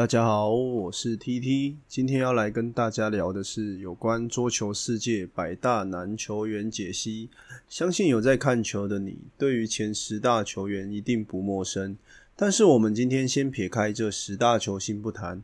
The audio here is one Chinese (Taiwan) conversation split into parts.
大家好，我是 TT，今天要來跟大家聊的是有關桌球世界百大男球員解析。相信有在看球的你，對於前十大球員一定不陌生。但是我們今天先撇開這十大球星不談，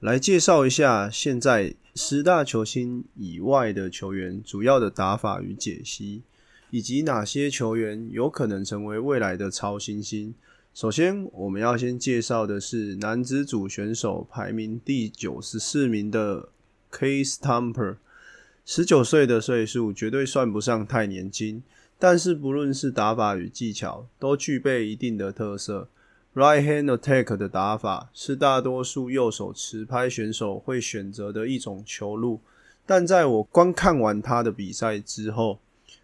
來介紹一下現在十大球星以外的球員主要的打法與解析，以及哪些球員有可能成為未來的超新星。首先，我們要先介紹的是男子組選手排名第九十四名的 Kay Stumper。十九歲的歲數絕對算不上太年輕，但是不論是打法與技巧，都具備一定的特色。Right hand attack 的打法是大多數右手持拍選手會選擇的一種球路，但在我觀看完他的比賽之後，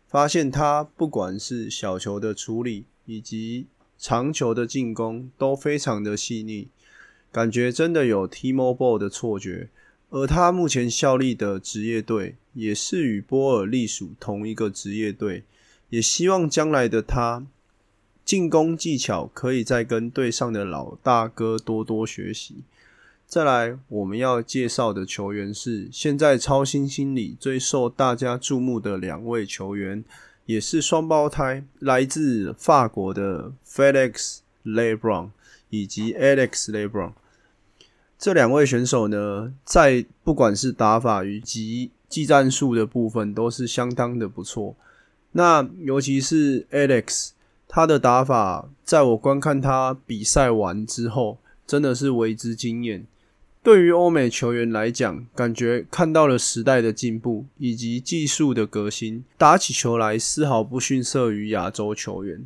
發現他不管是小球的處理，以及長球的進攻都非常的細膩，感覺真的有 Timo Boll 的錯覺，而他目前效力的職業隊也是與波爾隸屬同一個職業隊，也希望將來的他進攻技巧可以再跟隊上的老大哥多多學習。再來，我們要介紹的球員是現在超新星裡最受大家注目的兩位球員。也是雙胞胎，來自法國的 Felix Lebrun 以及 Alex Lebrun 這兩位選手呢，在不管是打法以及技戰術的部分，都是相當的不錯。那尤其是 Alex，他的打法，在我觀看他比賽完之後，真的是為之驚豔。對於歐美球員來講，感覺看到了時代的進步以及技術的革新，打起球來絲毫不遜色於亞洲球員。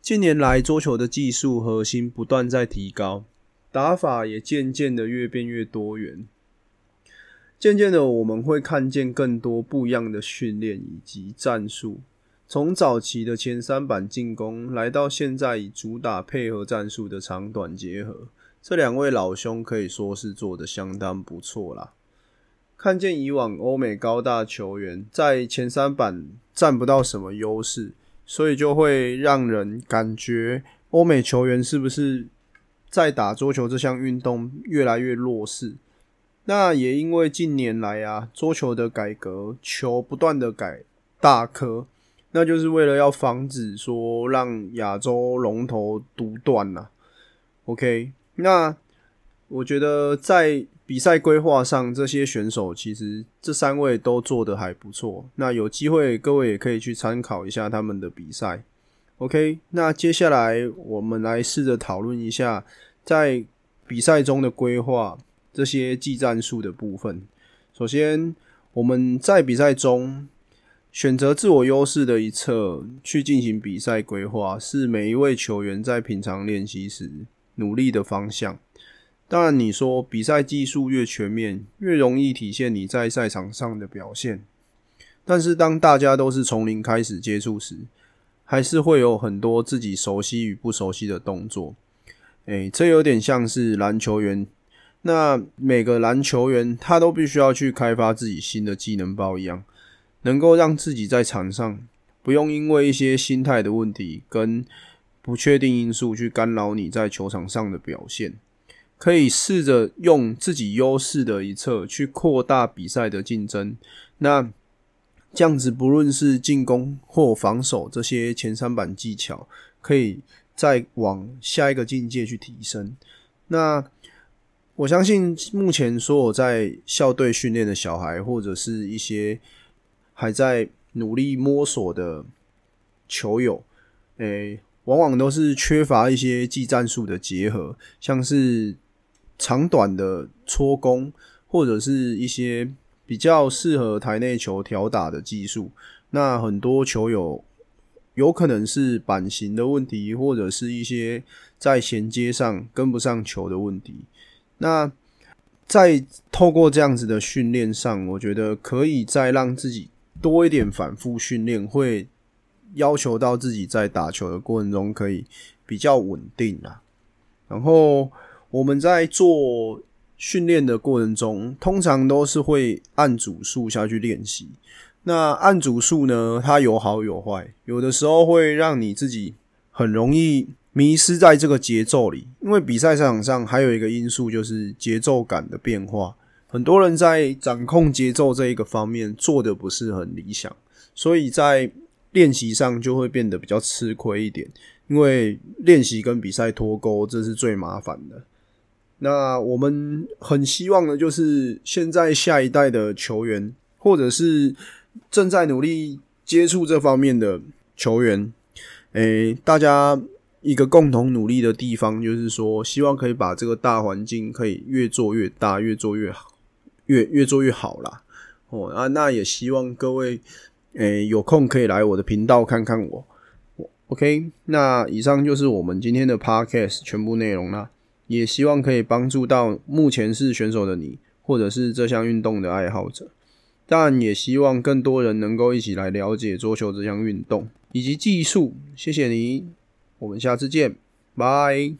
近年來，桌球的技術核心不斷在提高，打法也漸漸的越變越多元。漸漸的，我們會看見更多不一樣的訓練以及戰術。從早期的前三板進攻，來到現在以主打配合戰術的長短結合。這兩位老兄可以說是做得相當不錯啦。看見以往歐美高大球員在前三板占不到什麼優勢，所以就會讓人感覺歐美球員是不是在打桌球這項運動越來越弱勢？那也因為近年來啊，桌球的改革，球不斷的改大顆，那就是為了要防止說讓亞洲龍頭獨斷吶、啊。OK。那我覺得在比賽規劃上，這些選手其實這三位都做得還不錯。那有機會各位也可以去參考一下他們的比賽。OK，那接下來我們來試着討論一下在比賽中的規劃這些技戰術的部分。首先，我們在比賽中選擇自我優勢的一側去進行比賽規劃，是每一位球員在平常練習時努力的方向。當然，你說比賽技術越全面，越容易體現你在賽場上的表現。但是，當大家都是從零開始接觸時，還是會有很多自己熟悉與不熟悉的動作。誒、欸，這有點像是籃球員，那每個籃球員他都必須要去開發自己新的技能包一樣，能夠讓自己在場上不用因為一些心態的問題跟。不確定因素去干擾你在球場上的表現，可以試着用自己優勢的一側去擴大比賽的競爭。那這樣子，不論是進攻或防守，這些前三板技巧可以再往下一個境界去提升。那我相信，目前所有在校隊訓練的小孩，或者是一些還在努力摸索的球友，誒。往往都是缺乏一些技戰術的結合，像是長短的搓攻，或者是一些比較適合台內球挑打的技術。那很多球友有，有可能是板型的問題，或者是一些在銜接上跟不上球的問題。那在透過這樣子的訓練上，我覺得可以再讓自己多一點反復訓練會，要求到自己在打球的過程中可以比較穩定啊。然後我們在做訓練的過程中，通常都是會按組數下去練習。那按組數呢，它有好有壞，有的時候會讓你自己很容易迷失在這個節奏裡。因為比賽場上還有一個因素就是節奏感的變化，很多人在掌控節奏這一個方面做得不是很理想，所以在。練習上就會變得比較吃虧一點，因為練習跟比賽脫鈎，這是最麻煩的。那我們很希望的，就是現在下一代的球員，或者是正在努力接觸這方面的球員，誒、欸，大家一個共同努力的地方，就是說，希望可以把這個大環境可以越做越大，越做越好，越越做越好啦。哦，啊，那也希望各位，誒，有空可以來我的頻道看看我。OK，那以上就是我們今天的 Podcast 全部內容啦，也希望可以幫助到目前是選手的你，或者是這項運動的愛好者。但也希望更多人能夠一起來了解桌球這項運動以及技術。謝謝你，我們下次見，拜。